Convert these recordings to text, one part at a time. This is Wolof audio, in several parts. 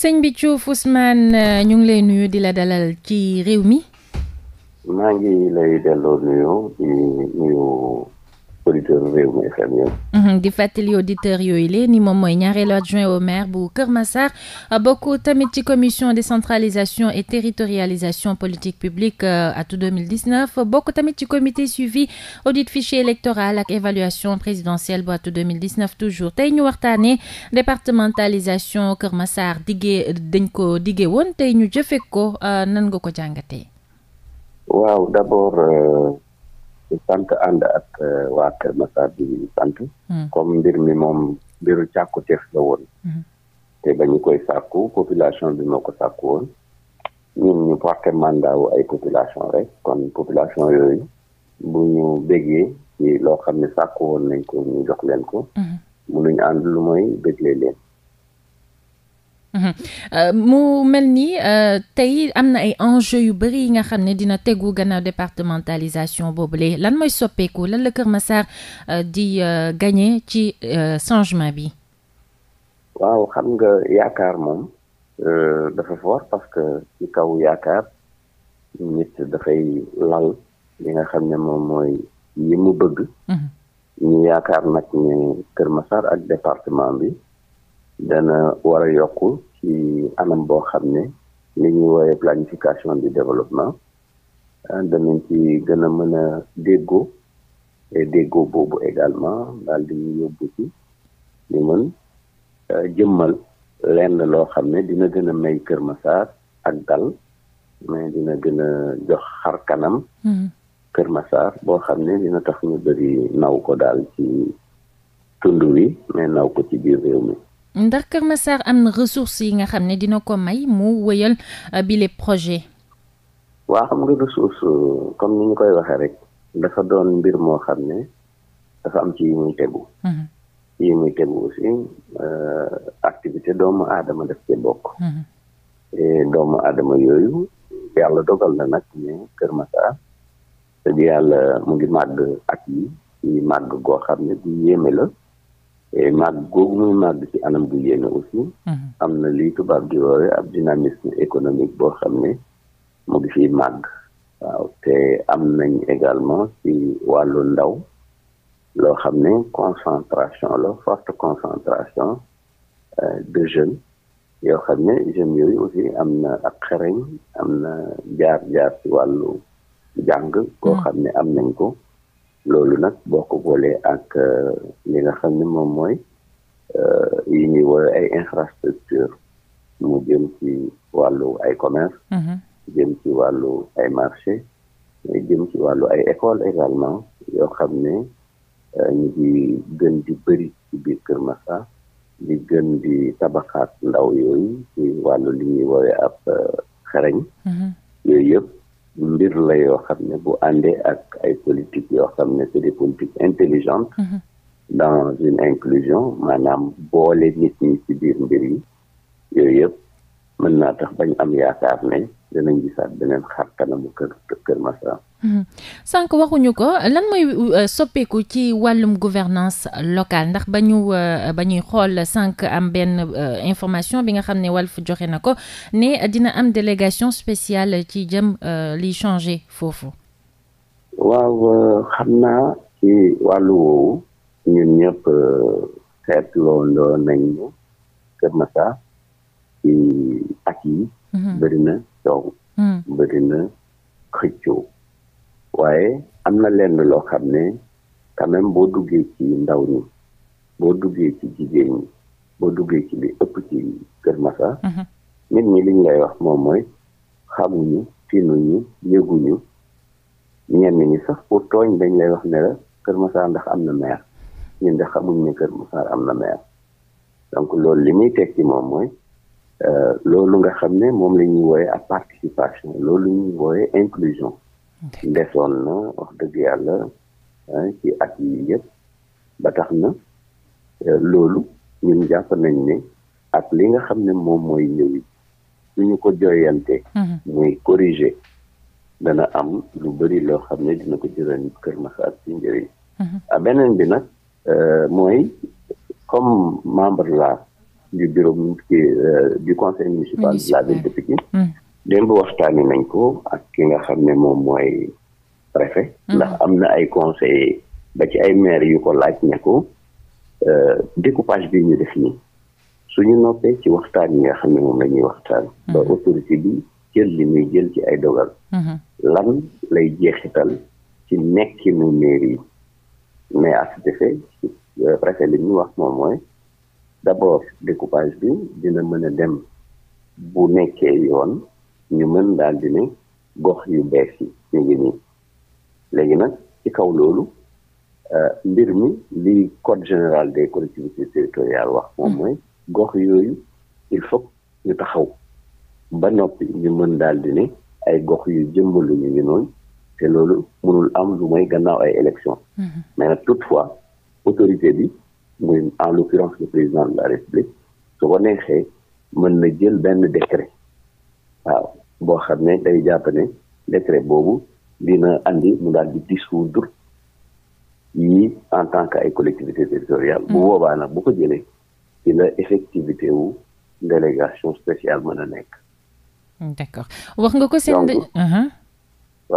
sëñ bi Diouf Ousmane euh, ñu ngi lay nuyu di la dalal ci réew mi. maa ngi lay delloo nuyu di nuyu. auditeur Rewmi mhm, di fàttali auditeurs yooyu lee ni moom mooy ñaareelu adjoint au maire bu Kër Massar bokk tamit ci commission décentralisation e territorialisation politique publique atu euh, 2019 bokk tamit ci comité suivi audit fichier électoral ak évaluation présidentielle bu atu 2019 toujours tey ñu waxtaanee départementalisation Kër Massar diggee dañ ko diggee woon tey ñu jëfee ko euh, nan nga ko jàngatee. waaw d'abord. Euh, sant ànd ak euh, waa Kër Massar sant hmm. comme mbir mi moom mbiru càkku teef la woon hmm. te ba koy sàkku population bi moo ko sàkku woon ñun ñu porté mandat ay population rek kon population yooyu bu ñu béggee ci loo xam ne sàkku woon nañ ko ñu jox leen ko hmm. mu mënuñu ànd lu mooy béglee leen Mhm. Euh, mu mel ni euh, tey am na ay enjeux yu bëri yi nga xam ne dina tegu gannaaw boobu boobule lan mooy soppeeku lan la Kër Massar euh, di gagné ci changement bi. waaw xam nga yaakaar moom dafa fort parce que kaw yaakaar nit dafay lal li nga xam ne moom mooy yi mu bëgg. Mhm. ñu yaakaar nag ne Kër Massar ak département bi dana war a yokku ci anam boo xam ne li ñuy woowee planification du développement euh, danañ ci gën a mën a déggoo et déggoo boobu également daal di ñu yóbbu ci ñu mën euh, jëmmal lenn loo xam ne dina gën a may Kër Massar ak dal mais dina gën a jox xar kanam hmm. Kër Massar boo xam ne dina tax ñu bëri naw ko daal ci tund wi mais naw ko ci biir réew mi ndax Kër Massar am na ressources yi nga xam ne dina ko may moo wëyal euh, bile projet. waa xam nga ressource euh, comme ni ñu koy waxee rek dafa doon mbir moo xam ne dafa am ci yi muy tegu mm-hmm. ci yi muy tegu aussi euh, activité doomu aadama def ci bokk mm-hmm. doomu aadama yooyu yàlla dogal na nag ne Kër Massar te yàlla mu ngi màgg ak yi màgg goo xam ne du yéeme la màgg googu muy màgg ci anam bu yéene aussi. Mhm. am na li tubaab di woowee ab dynamisme économique boo xam ne mu ngi fiy màgg. waaw te am nañ également ci wàllu ndaw loo xam ne concentration la forte concentration euh, de jeunes yoo xam ne jeunes yooyu aussi am na ak xereñ am na jaar-jaar ci wàllu jàng. koo mhm. xam ne am nañ ko. loolu nag boo ko boolee ak euh, nga xam ne moom mooy euh, yi ñuy woowee ay infrastructure mu jëm ci wàllu ay commerce mm-hmm. jëm ci wàllu ay marché jëm ci wàllu ay école également yoo xam ne euh, ñu ngi gën di bëri ci biir Kër Massar di gën di tabaxaat ndaw yooyu ci wàllu li ñuy woowee ab euh, xereñ mm-hmm. yooyu yëpp mbir la yoo xam ne bu àndee ak ay politique yoo xam ne c'est des politiques intelligentes mm-hmm. dans une inclusion maanaam boole nit ñi ci biir mbir yi yooyu yëpp mën naa tax bañ am yaakaar ne danañ gisaat beneen xar kanamu kër kër Massar. Hmm. sànq waxuñu ko lan mooy euh, soppeeku ci wàllum gouvernance locale ndax ba euh, ñuy xool sànq am benn euh, information bi nga xam ne Walf joxe na ko ne dina am délégation spéciale ci jëm liy changé foofu. waaw xam naa ci wàllu woowu. ñun ñëpp seetloo euh, ndoo nañ ñu Kër Massar ci at yi mhm. bëri na coow mhm. bëri xëccoo waaye am na leen loo xam ne quand même boo duggee ci ndaw ñi boo duggee ci jigéen ñi boo duggee ci li ëpp ci Kër Massar mhm. nit ñi liñ lay wax moom mooy xamuñu tinuñu yëguñu ñenn ñi sax pour tooñ dañ lay wax ne la Kër Massar ndax am na maire ñun de xamuñ ne Kër Massar am na maire donc loolu li muy tekki moom mooy euh, loolu nga xam ne moom la ñuy wooyee ak participation loolu ñuy wooyee inclusion ndesoon na wax dëgg yàlla ci at yi ba tax na euh, loolu jàpp nañ ne ak li nga xam ne moom mooy ñëw yi suñu ko joyante mhm. muy corriger dana am lu bëri loo xam ne dina ko jëral Kër Massar ci njëriñ mhm. a ah, beneen bi nag Euh, mooy comme membre la du bureau euh, du conseil municipal de la ville de Pikine hmm. démb waxtaani nañ ko ak ki nga xam ne moom mooy préfet hmm. ndax am na ay conseillers ba ci ay maire yu ko laaj ne ko euh, découpage bi ñu def nii suñu noppee ci waxtaan yi nga xam ne moom lañuy waxtaan hmm. ba autorité bi jël li muy jël ci ay dogal lan lay jeexital ci nekkinu mairie mais à cet effet préfet li ñu wax moom mooy d' abord découpage bi dina mën a dem bu nekkee yoon ñu mën daal di ne gox yu bees yi ñu ngi nii léegi nag ci kaw loolu euh, mbir mi li code général des collectivités territoriales wax moom mm. mooy gox yooyu il faut ñu taxaw ba noppi ñu mën daal di ne ay gox yu jëmm lu ñu ngi noonu te loolu mënul am lu may gannaaw ay élection mhm. mais nag toutefois autorité bi muy en l'occurrence le président de la république su ko neexee mën na jël benn décret waaw boo xam ne day jàpp ne décret boobu dina andi mu daal di dissoudre yi en tant que ay collectivité territoriale mhm. bu boobaa nag bu ko jëlee ci la effectivité délégation spéciale mën a nekk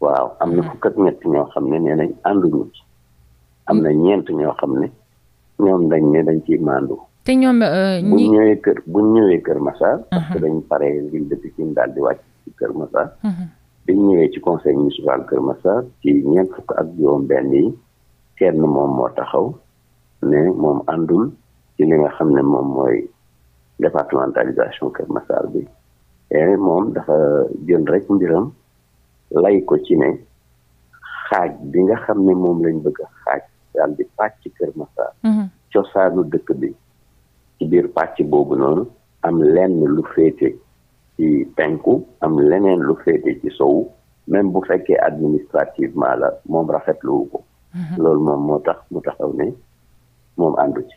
waaw am na hmm. fukk ñett ñoo xam ne nee nañ ànduñu am na hmm. ñeent ñoo xam ne ñoom dañ ne dañ ciy maandu. te ñoom euh, ñi ñëwee kër bu ñëwee kër Massar. parce que hmm. dañ pare liñ depuis fi ñu di wàcc ci kër Massar. biñ ñëwee ci conseil municipal kër Massar ci ñeent fukk ak juróom-benn yi kenn moom moo taxaw ne moom àndul ci li nga xam ne moom mooy départementalisation kër Massar bi et moom dafa jël rek mbiram. lay ko ci ne xaaj bi nga xam ne moom lañ bëgg a xaaj daal di pàcc Kër Massar mhm. cosaanu dëkk bi ci biir pàcc boobu noonu am lenn lu féete ci penku am leneen lu féete ci sowu même bu fekkee administrativement la moom rafetlu wu ko mhm. loolu moom moo tax mu taxaw ne moom àndu ci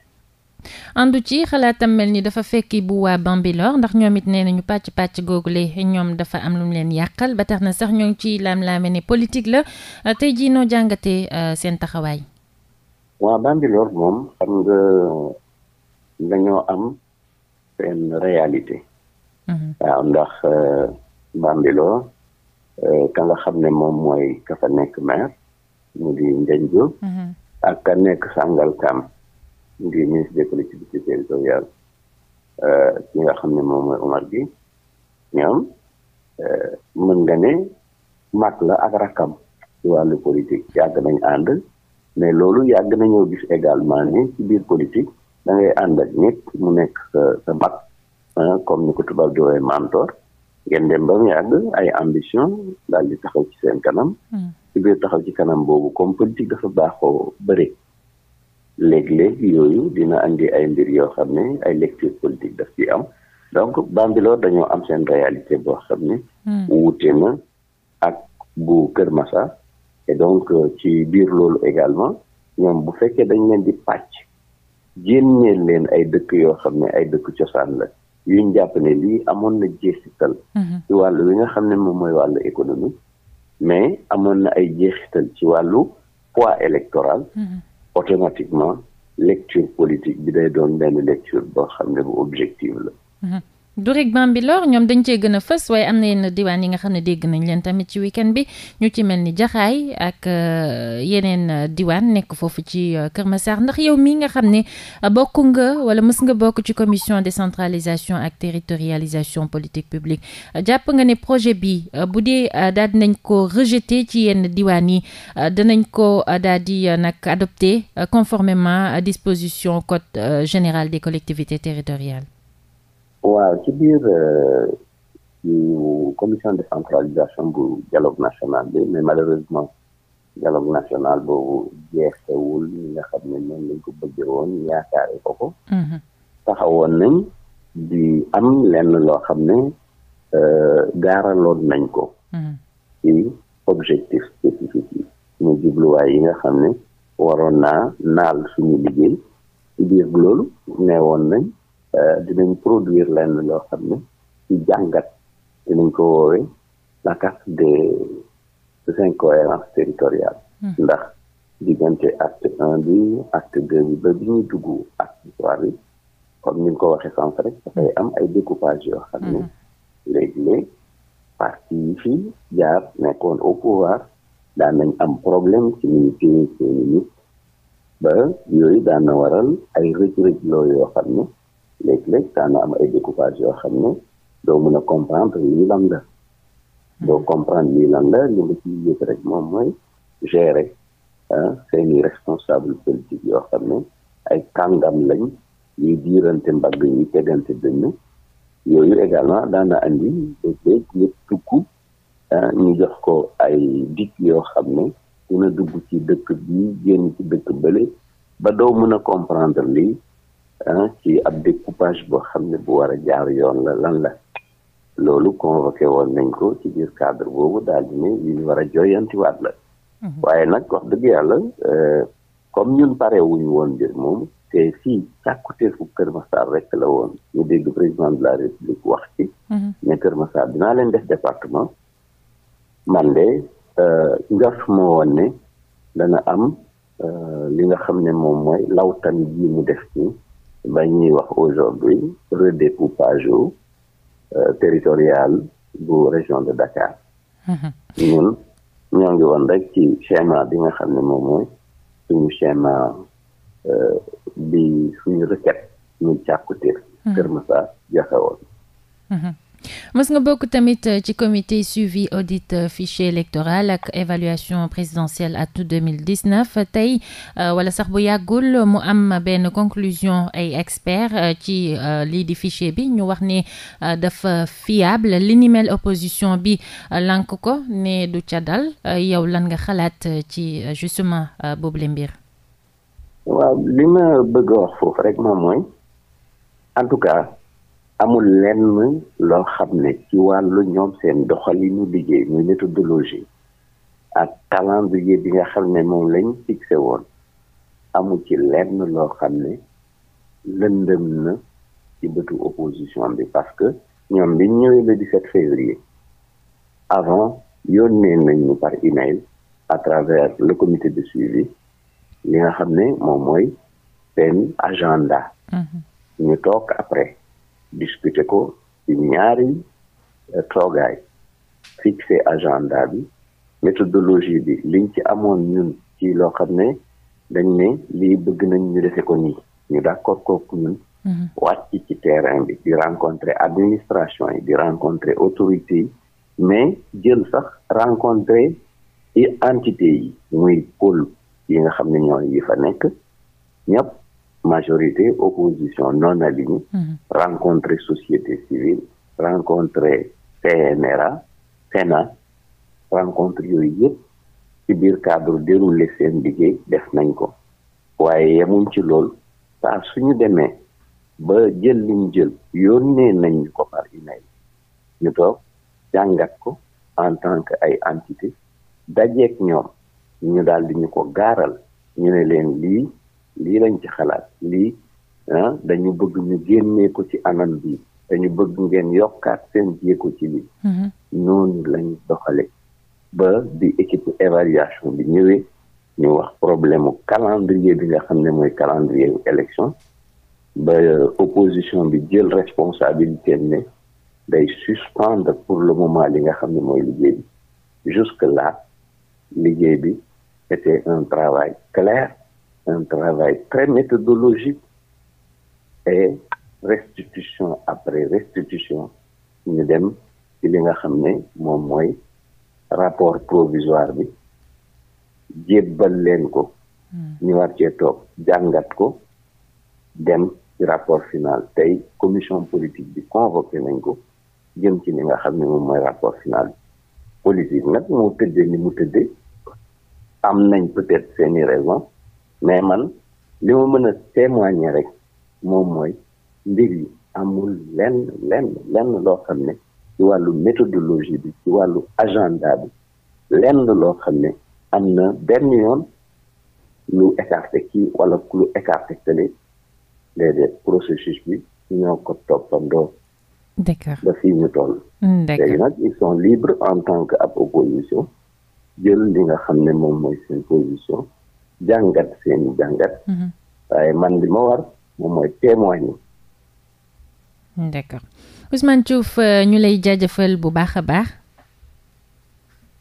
andu ci xalaatam mel ni dafa fekk bu waa Bambilor ndax ñoom it nee nañu pàcc pàcc googule ñoom dafa am lu mu leen yàqal ba tax na sax ñoo ngi ciy laam-laame ne politique la euh, tey jii noo jàngatee euh, seen taxawaay. waa Bambilor moom xam nga dañoo am seen réalité. Mhm. waaw ndax euh, Bambilor ka nga xam ne moom mooy ka fa nekk maire mu di Ndiaye Diop. Mhm. ak ka nekk Sangalkam. di ministre des collectivités territoriales euh, ki nga xam ne moom mooy Omar bi ñoom euh, mën nga ne mag la ak rakkam ci wàllu politique yàgg nañ ànd mais loolu yàgg nañoo gis également ni ci biir politique da ngay ànd ak nit mu nekk sa sa comme ni ko tubaab di woowee mentor ngeen dem ba mu yàgg ay ambition daal di taxaw ci seen kanam hmm. ci biir taxaw ci kanam boobu comme politique dafa baaxoo bëri léeg-léeg yooyu dina andi ay mbir yoo xam ne ay lecture politique daf ci am donc Bambilor dañoo am seen réalité boo xam ne. Hmm. wuute na ak bu Kër Massa. et donc euh, ci biir loolu également ñoom bu fekkee dañ leen di pàcc génneel leen ay dëkk yoo xam ne ay dëkk cosaan la yuñ jàpp ne lii amoon na jeexital. Hmm. ci wàllu wi nga xam ne moom mooy wàllu économie mais amoon na ay jeexital ci wàllu poids électoral. Hmm. automatiquement lecture politique bi day doon benn lecture boo xam ne bu objective la mhm. du rek Bambilor ñoom dañ cee gën a fës waaye am na yenn diwaan yi nga xam ne dégg nañ leen tamit ci week bi ñu ci mel ni Jaxaay ak euh, yeneen euh, diwaan nekk foofu ci euh, Kër Massar ndax yow mii nga xam ne bokk nga wala mës nga bokk ci commission décentralisation ak territorialisation politique publique jàpp nga ne projet bi bu dee daad nañ ko rejeté ci yenn diwaan yi dinañ ko daal di nag adopté conformément à disposition code général des collectivités territoriales waaw ci biir euh, commission de centralisation bu dialogue national bi mais malheureusement dialogue national boobu jeexewul ñi nga xam ne noonu lañ ko bëgge woon yaakaare ko ko mm-hmm. taxawoon nañ di am lenn loo xam ne euh, gaaraloon nañ ko mm-hmm. ci objectif spécifique yi yi nga xam ne waroon naa naal suñu liggéey ci biir loolu neewoon nañ Euh, dinañ produire lenn loo xam ne ci jàngat dinañ ko woowee la carte des des incohérences territoriales hmm. ndax diggante acte un bi acte deux bi ba bi ñuy dugg acte trois bi comme ni nga ko waxee sànq rek dafay hmm. am ay découpage yoo xam ne hmm. léeg-léeg yi fii jaar nekkoon au pouvoir daan nañ am problème ci ni ñu téye seeni ba yooyu daan na waral ay rëj-rëj yoo xam ne léeg-léeg daana am ay découpage yoo xam ne doo mën a comprendre lii lan la hmm. doo comprendre lii lan la li nga ciy yëg rek moom mooy gérer ah, seeni responsable politique yoo xam ne ay kàngam lañ yuy diirante mbagg ñuy tegante dënn yooyu également daana andi léeg-léeg tukku ah, ñu jox ko ay dikk yoo xam ne dina dugg ci dëkk bi génn ci dëkk bële ba doo mën a comprendre lii ci ab découpage boo xam ne bu war a jaar yoon la lan la loolu convoqué woon nañ ko ci biir cadre boobu daal di ne yu ñu war a joyantiwaat la mhm. waaye nag wax dëgg yàlla euh, comme ñun pare wuñu woon mbir moom te fii càkkuteefu Kër Massar rek la woon ñu dégg président de la république wax ci mhm. ne Kër Massar dinaa leen def département man de euh, njort moo woon ne dana am euh, li nga xam ne moom mooy lawtan ji mu def nii ba ñuy wax aujourd'hui redécoupage euh, territorial bu région de Dakar mhm. ñun ñoo ngi woon rek ci schéma bi nga xam ne moom mooy suñu schéma euh, bi suñu requête ñu càkkutéef mhm. Kër Massar joxe woon mhm. mës nga bokk tamit euh, ci comité suivi audit euh, fichier électoral ak évaluation présidentielle atu 2019 tey euh, wala sax bu yàggul mu am benn conclusion ay expert ci lii di fichier bi ñu wax ne dafa fiable li opposition bi lank ko ne du ca dal yow lan nga xalaat ci justement boobule mbir waaw li ma bëgg a wax foofu rek moom mooy en tout cas amul lenn loo xam ne ci wàllu ñoom seen doxali doxalinu liggéey muy méthodologie ak calendrier bi nga xam ne moom lañu fixé woon amul ci lenn loo xam ne lëndëm na ci bëtu opposition bi parce que ñoom bi ñëwee le 17 février avant yónnee nañ ñu par email à travers le comité de suivi li nga xam ne moom mooy seen agenda. Mhm. ñu toog après. discuter ko ci ñaari eh, toogaay fixer agenda bi méthodologie bi liñ ci amoon ñun ci loo xam ne dañ ne lii bëgg nañ ñu ko nii ñu d'accord kooku ñun mhm. wàcc ci terrain bi di rencontrer administration yi di rencontrer autorité yi mais jël sax rencontrer i entité yi muy pôle yi nga xam ne ñooy yi fa nekk ñëpp majorité, opposition non alignée, mmh. rencontrer société civile, rencontrer CNRA, Sénat, rencontre yooyu yëpp ci biir cadre déroulé seen liggéey def nañ ko waaye yemuñ ci loolu saa suñu demee ba jël liñ jël yónnee nañ ko par email ñu toog jàngat ko en tant que ay entité dajeek ñoom ñu daal di ñu ko gaaral ñu ne leen lii lii lañ ci xalaat lii ah, dañu bëgg ñu génnee ko ci anam bi dañu bëgg ngeen yokkaat seen jéego ci lii mm-hmm. noonu lañ doxale ba di équipe évaluation bi ñëwee ñu wax problème mu calendrier bi nga xam ne mooy calendrier wu ba euh, opposition bi jël responsabilité ne day suspendre pour le moment li nga xam ne mooy liggéey bi jusque là liggéey bi était un travail clair un travail très méthodologique et restitution après restitution ñu dem ci li nga xam ne moom mooy rapport provisoire bi jébbal leen ko hmm. ñu war cee toog jàngat ko dem ci rapport final tey commission politique bi convoqué nañ ko jëm ci li nga xam ne moom mooy rapport final politique nag mu tëddee ni mu tëddee am nañ peut-être seeni raison mais man li ma mën a témoigner rek moom mooy mbir yi amul lenn lenn lenn loo xam ne ci wàllu méthodologie bi ci wàllu agenda bi lenn loo xam ne am na benn yoon lu écarté kii wala lu écarté kële déedéet processus bi ñoo ko toppandoo. d'accord ba fii toll. d'accord léegi nag ils sont en tant que ab jël li nga xam ne moom mooy seen position. jàngat seeni jàngat mhm. waaye man li ma war moom mooy témoigner d'accord Ousmane Diouf euh, ñu lay jaajëfal bu baax a baax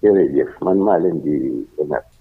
jërëjëf man maa leen di remercier